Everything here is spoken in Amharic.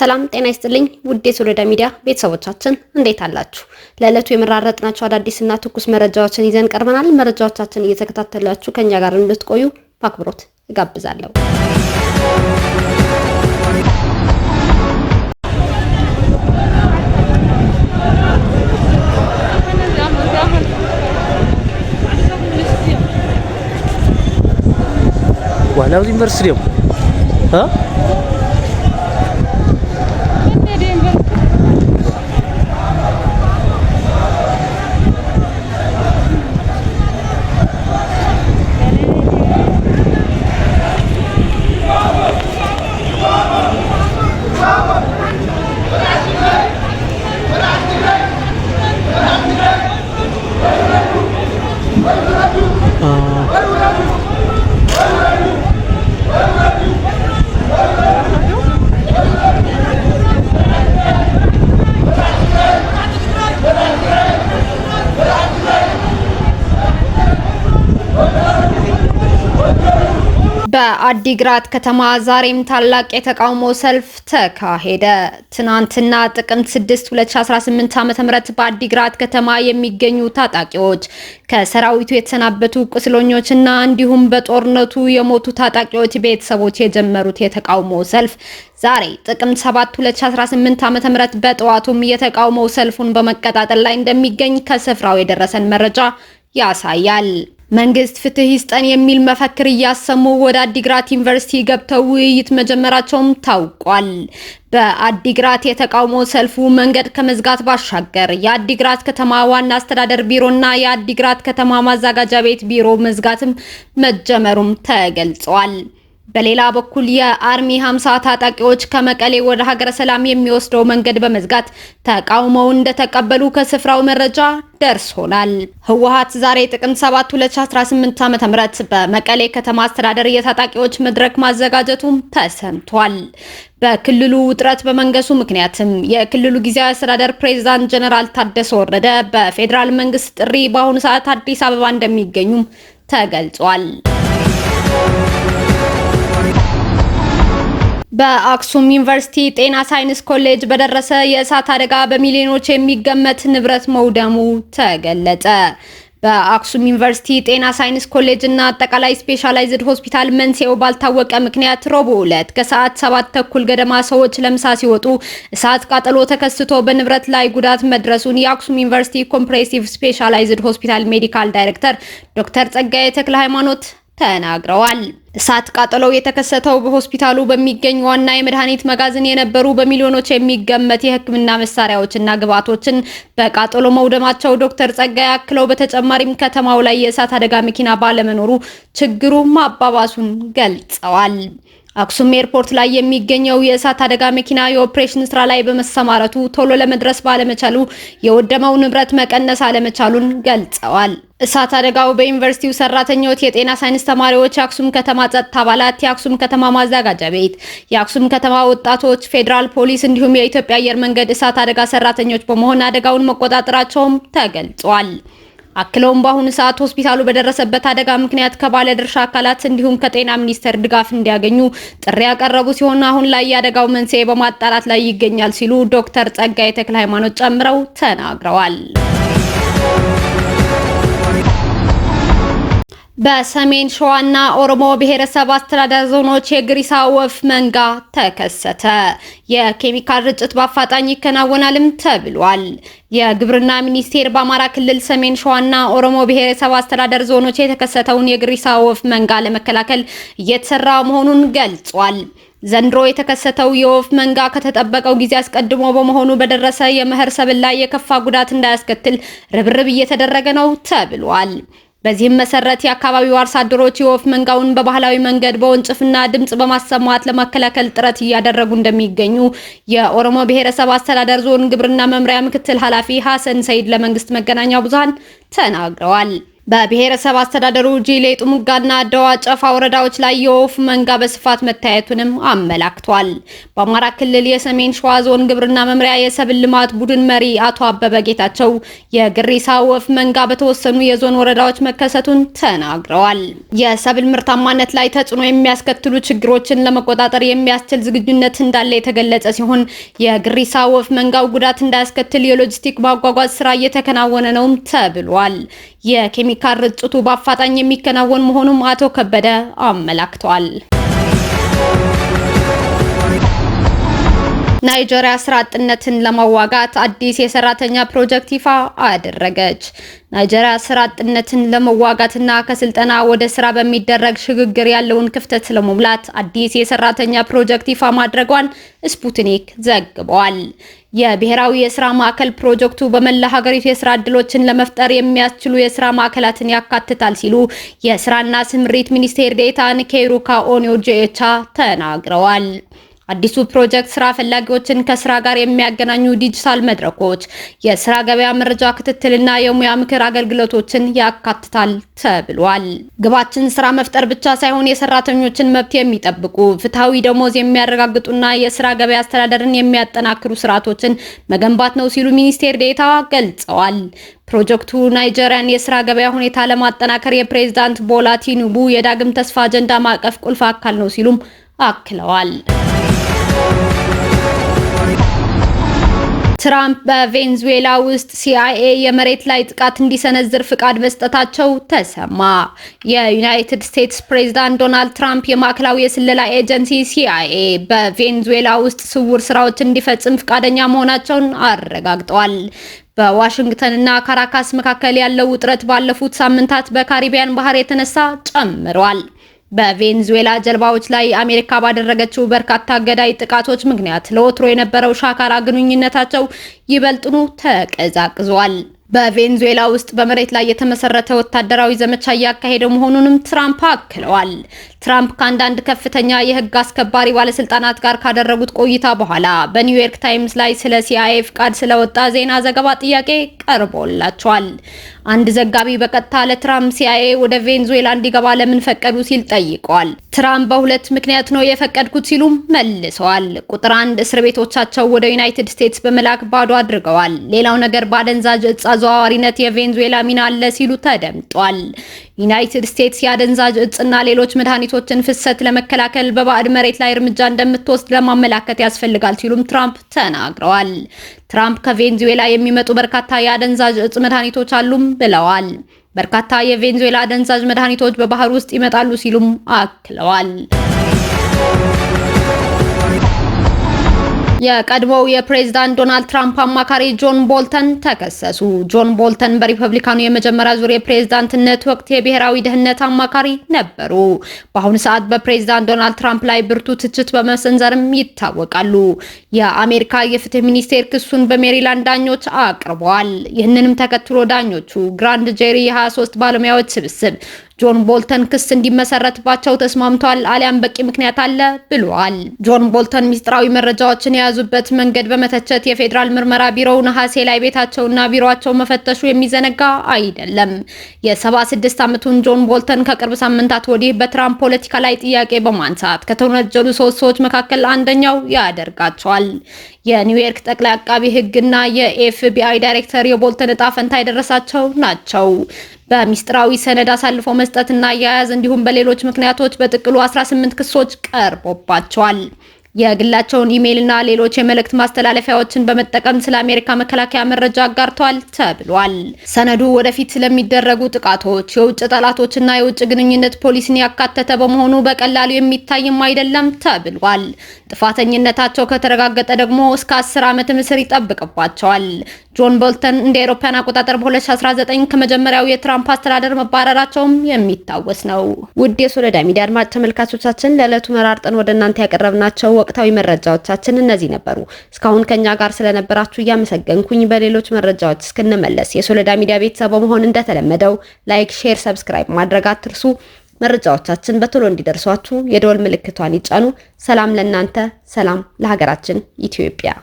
ሰላም ጤና ይስጥልኝ ውዴ የሶሎዳ ሚዲያ ቤተሰቦቻችን እንዴት አላችሁ? ለዕለቱ የመራረጥናቸው አዳዲስና ትኩስ መረጃዎችን ይዘን ቀርበናል። መረጃዎቻችን እየተከታተላችሁ ከኛ ጋር እንድትቆዩ በአክብሮት እጋብዛለሁ። ዋናው ዩኒቨርሲቲ ነው። በአዲግራት ከተማ ዛሬም ታላቅ የተቃውሞ ሰልፍ ተካሄደ። ትናንትና ጥቅምት 6 2018 ዓ.ም በአዲግራት ከተማ የሚገኙ ታጣቂዎች ከሰራዊቱ የተሰናበቱ ቁስለኞችና እንዲሁም በጦርነቱ የሞቱ ታጣቂዎች ቤተሰቦች የጀመሩት የተቃውሞ ሰልፍ ዛሬ ጥቅምት 7 2018 ዓ.ም በጠዋቱም የተቃውሞ ሰልፉን በመቀጣጠል ላይ እንደሚገኝ ከስፍራው የደረሰን መረጃ ያሳያል። መንግስት ፍትህ ይስጠን የሚል መፈክር እያሰሙ ወደ አዲግራት ዩኒቨርሲቲ ገብተው ውይይት መጀመራቸውም ታውቋል። በአዲግራት የተቃውሞ ሰልፉ መንገድ ከመዝጋት ባሻገር የአዲግራት ከተማ ዋና አስተዳደር ቢሮና የአዲግራት ከተማ ማዘጋጃ ቤት ቢሮ መዝጋትም መጀመሩም ተገልጿል። በሌላ በኩል የአርሚ 50 ታጣቂዎች ከመቀሌ ወደ ሀገረ ሰላም የሚወስደው መንገድ በመዝጋት ተቃውሞውን እንደተቀበሉ ከስፍራው መረጃ ደርሶናል። ህወሓት ዛሬ ጥቅምት 7 2018 ዓ.ም በመቀሌ ከተማ አስተዳደር የታጣቂዎች መድረክ ማዘጋጀቱም ተሰምቷል። በክልሉ ውጥረት በመንገሱ ምክንያትም የክልሉ ጊዜያዊ አስተዳደር ፕሬዝዳንት ጀነራል ታደሰ ወረደ በፌዴራል መንግስት ጥሪ በአሁኑ ሰዓት አዲስ አበባ እንደሚገኙም ተገልጿል። በአክሱም ዩኒቨርሲቲ ጤና ሳይንስ ኮሌጅ በደረሰ የእሳት አደጋ በሚሊዮኖች የሚገመት ንብረት መውደሙ ተገለጸ። በአክሱም ዩኒቨርሲቲ ጤና ሳይንስ ኮሌጅ እና አጠቃላይ ስፔሻላይዝድ ሆስፒታል መንስኤው ባልታወቀ ምክንያት ረቡዕ ዕለት ከሰዓት ሰባት ተኩል ገደማ ሰዎች ለምሳ ሲወጡ እሳት ቃጠሎ ተከስቶ በንብረት ላይ ጉዳት መድረሱን የአክሱም ዩኒቨርሲቲ ኮምፕሬሲቭ ስፔሻላይዝድ ሆስፒታል ሜዲካል ዳይሬክተር ዶክተር ጸጋዬ ተክለ ሃይማኖት ተናግረዋል። እሳት ቃጠሎው የተከሰተው በሆስፒታሉ በሚገኝ ዋና የመድኃኒት መጋዘን የነበሩ በሚሊዮኖች የሚገመት የሕክምና መሳሪያዎችና ግብዓቶችን በቃጠሎ መውደማቸው ዶክተር ጸጋይ አክለው፣ በተጨማሪም ከተማው ላይ የእሳት አደጋ መኪና ባለመኖሩ ችግሩ ማባባሱን ገልጸዋል። አክሱም ኤርፖርት ላይ የሚገኘው የእሳት አደጋ መኪና የኦፕሬሽን ስራ ላይ በመሰማረቱ ቶሎ ለመድረስ ባለመቻሉ የወደመው ንብረት መቀነስ አለመቻሉን ገልጸዋል። እሳት አደጋው በዩኒቨርሲቲው ሰራተኞች፣ የጤና ሳይንስ ተማሪዎች፣ የአክሱም ከተማ ጸጥታ አባላት፣ የአክሱም ከተማ ማዘጋጃ ቤት፣ የአክሱም ከተማ ወጣቶች፣ ፌዴራል ፖሊስ እንዲሁም የኢትዮጵያ አየር መንገድ እሳት አደጋ ሰራተኞች በመሆን አደጋውን መቆጣጠራቸውም ተገልጿል። አክለውም በአሁኑ ሰዓት ሆስፒታሉ በደረሰበት አደጋ ምክንያት ከባለ ድርሻ አካላት እንዲሁም ከጤና ሚኒስቴር ድጋፍ እንዲያገኙ ጥሪ ያቀረቡ ሲሆን አሁን ላይ የአደጋው መንስኤ በማጣራት ላይ ይገኛል ሲሉ ዶክተር ጸጋዬ ተክለ ሃይማኖት ጨምረው ተናግረዋል። በሰሜን ሸዋና ኦሮሞ ብሔረሰብ አስተዳደር ዞኖች የግሪሳ ወፍ መንጋ ተከሰተ። የኬሚካል ርጭት በአፋጣኝ ይከናወናልም ተብሏል። የግብርና ሚኒስቴር በአማራ ክልል ሰሜን ሸዋና ኦሮሞ ብሔረሰብ አስተዳደር ዞኖች የተከሰተውን የግሪሳ ወፍ መንጋ ለመከላከል እየተሰራ መሆኑን ገልጿል። ዘንድሮ የተከሰተው የወፍ መንጋ ከተጠበቀው ጊዜ አስቀድሞ በመሆኑ በደረሰ የመኸር ሰብል ላይ የከፋ ጉዳት እንዳያስከትል ርብርብ እየተደረገ ነው ተብሏል። በዚህም መሰረት የአካባቢው አርሶ አደሮች የወፍ መንጋውን በባህላዊ መንገድ በወንጭፍና ድምጽ በማሰማት ለመከላከል ጥረት እያደረጉ እንደሚገኙ የኦሮሞ ብሔረሰብ አስተዳደር ዞን ግብርና መምሪያ ምክትል ኃላፊ ሀሰን ሰይድ ለመንግስት መገናኛ ብዙሃን ተናግረዋል። በብሔረሰብ አስተዳደሩ ጂሌ ጥሙጋና ደዋ ጨፋ ወረዳዎች ላይ የወፍ መንጋ በስፋት መታየቱንም አመላክቷል። በአማራ ክልል የሰሜን ሸዋ ዞን ግብርና መምሪያ የሰብል ልማት ቡድን መሪ አቶ አበበ ጌታቸው የግሪሳ ወፍ መንጋ በተወሰኑ የዞን ወረዳዎች መከሰቱን ተናግረዋል። የሰብል ምርታማነት ላይ ተጽዕኖ የሚያስከትሉ ችግሮችን ለመቆጣጠር የሚያስችል ዝግጁነት እንዳለ የተገለጸ ሲሆን የግሪሳ ወፍ መንጋው ጉዳት እንዳያስከትል የሎጂስቲክ ማጓጓዝ ስራ እየተከናወነ ነውም ተብሏል። የኬሚካል ርጭቱ በአፋጣኝ የሚከናወን መሆኑም አቶ ከበደ አመላክተዋል። ናይጄሪያ ስራ አጥነትን ለመዋጋት አዲስ የሰራተኛ ፕሮጀክት ይፋ አደረገች። ናይጄሪያ ስራ አጥነትን ለመዋጋትና ከስልጠና ወደ ስራ በሚደረግ ሽግግር ያለውን ክፍተት ለመሙላት አዲስ የሰራተኛ ፕሮጀክት ይፋ ማድረጓን ስፑትኒክ ዘግቧል። የብሔራዊ የስራ ማዕከል ፕሮጀክቱ በመላ ሀገሪቱ የስራ እድሎችን ለመፍጠር የሚያስችሉ የስራ ማዕከላትን ያካትታል ሲሉ የስራና ስምሪት ሚኒስቴር ዴኤታ ንኬሩካ ኦኔ ጄቻ ተናግረዋል። አዲሱ ፕሮጀክት ስራ ፈላጊዎችን ከስራ ጋር የሚያገናኙ ዲጂታል መድረኮች፣ የስራ ገበያ መረጃ ክትትልና የሙያ ምክር አገልግሎቶችን ያካትታል ተብሏል። ግባችን ስራ መፍጠር ብቻ ሳይሆን የሰራተኞችን መብት የሚጠብቁ ፍትሐዊ ደሞዝ የሚያረጋግጡና የስራ ገበያ አስተዳደርን የሚያጠናክሩ ስርዓቶችን መገንባት ነው ሲሉ ሚኒስቴር ዴታ ገልጸዋል። ፕሮጀክቱ ናይጀሪያን የስራ ገበያ ሁኔታ ለማጠናከር የፕሬዝዳንት ቦላ ቲኑቡ የዳግም ተስፋ አጀንዳ ማዕቀፍ ቁልፍ አካል ነው ሲሉም አክለዋል። ትራምፕ በቬንዙዌላ ውስጥ ሲአይኤ የመሬት ላይ ጥቃት እንዲሰነዝር ፍቃድ መስጠታቸው ተሰማ። የዩናይትድ ስቴትስ ፕሬዝዳንት ዶናልድ ትራምፕ የማዕከላዊ የስለላ ኤጀንሲ ሲአይኤ በቬንዙዌላ ውስጥ ስውር ስራዎች እንዲፈጽም ፍቃደኛ መሆናቸውን አረጋግጠዋል። በዋሽንግተን እና ካራካስ መካከል ያለው ውጥረት ባለፉት ሳምንታት በካሪቢያን ባህር የተነሳ ጨምሯል። በቬንዙዌላ ጀልባዎች ላይ አሜሪካ ባደረገችው በርካታ ገዳይ ጥቃቶች ምክንያት ለወትሮ የነበረው ሻካራ ግንኙነታቸው ይበልጥኑ ተቀዛቅዟል። በቬንዙዌላ ውስጥ በመሬት ላይ የተመሰረተ ወታደራዊ ዘመቻ እያካሄደ መሆኑንም ትራምፕ አክለዋል። ትራምፕ ከአንዳንድ ከፍተኛ የህግ አስከባሪ ባለስልጣናት ጋር ካደረጉት ቆይታ በኋላ በኒውዮርክ ታይምስ ላይ ስለ ሲአይኤ ፍቃድ ስለወጣ ዜና ዘገባ ጥያቄ ቀርቦላቸዋል። አንድ ዘጋቢ በቀጥታ ለትራምፕ ሲአይኤ ወደ ቬንዙዌላ እንዲገባ ለምን ፈቀዱ ሲል ጠይቀዋል። ትራምፕ በሁለት ምክንያት ነው የፈቀድኩት ሲሉም መልሰዋል። ቁጥር አንድ እስር ቤቶቻቸው ወደ ዩናይትድ ስቴትስ በመላክ ባዶ አድርገዋል። ሌላው ነገር በአደንዛዥ እጽ በአዘዋዋሪነት የቬንዙዌላ ሚና አለ ሲሉ ተደምጧል። ዩናይትድ ስቴትስ የአደንዛዥ እጽና ሌሎች መድኃኒቶችን ፍሰት ለመከላከል በባዕድ መሬት ላይ እርምጃ እንደምትወስድ ለማመላከት ያስፈልጋል ሲሉም ትራምፕ ተናግረዋል። ትራምፕ ከቬንዙዌላ የሚመጡ በርካታ የአደንዛዥ እጽ መድኃኒቶች አሉም ብለዋል። በርካታ የቬንዙዌላ አደንዛዥ መድኃኒቶች በባህር ውስጥ ይመጣሉ ሲሉም አክለዋል። የቀድሞው የፕሬዝዳንት ዶናልድ ትራምፕ አማካሪ ጆን ቦልተን ተከሰሱ። ጆን ቦልተን በሪፐብሊካኑ የመጀመሪያ ዙር የፕሬዝዳንትነት ወቅት የብሔራዊ ደህንነት አማካሪ ነበሩ። በአሁኑ ሰዓት በፕሬዝዳንት ዶናልድ ትራምፕ ላይ ብርቱ ትችት በመሰንዘርም ይታወቃሉ። የአሜሪካ የፍትህ ሚኒስቴር ክሱን በሜሪላንድ ዳኞች አቅርበዋል። ይህንንም ተከትሎ ዳኞቹ ግራንድ ጄሪ የ23 ባለሙያዎች ስብስብ ጆን ቦልተን ክስ እንዲመሰረትባቸው ተስማምቷል፣ አሊያም በቂ ምክንያት አለ ብሏል። ጆን ቦልተን ሚስጥራዊ መረጃዎችን የያዙበት መንገድ በመተቸት የፌዴራል ምርመራ ቢሮው ነሐሴ ላይ ቤታቸውና ቢሮቸው መፈተሹ የሚዘነጋ አይደለም። የ76 ዓመቱን ጆን ቦልተን ከቅርብ ሳምንታት ወዲህ በትራምፕ ፖለቲካ ላይ ጥያቄ በማንሳት ከተወነጀሉ ሶስት ሰዎች መካከል አንደኛው ያደርጋቸዋል። የኒውዮርክ ጠቅላይ አቃቢ ሕግና የኤፍቢአይ ዳይሬክተር የቦልተን እጣ ፈንታ የደረሳቸው ናቸው። በሚስጥራዊ ሰነድ አሳልፎ መስጠትና አያያዝ እንዲሁም በሌሎች ምክንያቶች በጥቅሉ 18 ክሶች ቀርቦባቸዋል። የግላቸውን ኢሜይልና ሌሎች የመልእክት ማስተላለፊያዎችን በመጠቀም ስለ አሜሪካ መከላከያ መረጃ አጋርተዋል ተብሏል። ሰነዱ ወደፊት ስለሚደረጉ ጥቃቶች፣ የውጭ ጠላቶችና የውጭ ግንኙነት ፖሊሲን ያካተተ በመሆኑ በቀላሉ የሚታይም አይደለም ተብሏል። ጥፋተኝነታቸው ከተረጋገጠ ደግሞ እስከ አስር ዓመት ምስር ይጠብቅባቸዋል። ጆን ቦልተን እንደ አውሮፓውያን አቆጣጠር በ2019 ከመጀመሪያው የትራምፕ አስተዳደር መባረራቸውም የሚታወስ ነው። ውድ የሶለዳ ሚዲያ አድማጭ ተመልካቾቻችን ለዕለቱ መራርጠን ወደ እናንተ ያቀረብናቸው ወቅታዊ መረጃዎቻችን እነዚህ ነበሩ። እስካሁን ከኛ ጋር ስለነበራችሁ እያመሰገንኩኝ በሌሎች መረጃዎች እስክንመለስ የሶለዳ ሚዲያ ቤተሰብ በመሆን እንደተለመደው ላይክ፣ ሼር፣ ሰብስክራይብ ማድረግ አትርሱ። መረጃዎቻችን በቶሎ እንዲደርሷችሁ የደወል ምልክቷን ይጫኑ። ሰላም ለእናንተ፣ ሰላም ለሀገራችን ኢትዮጵያ።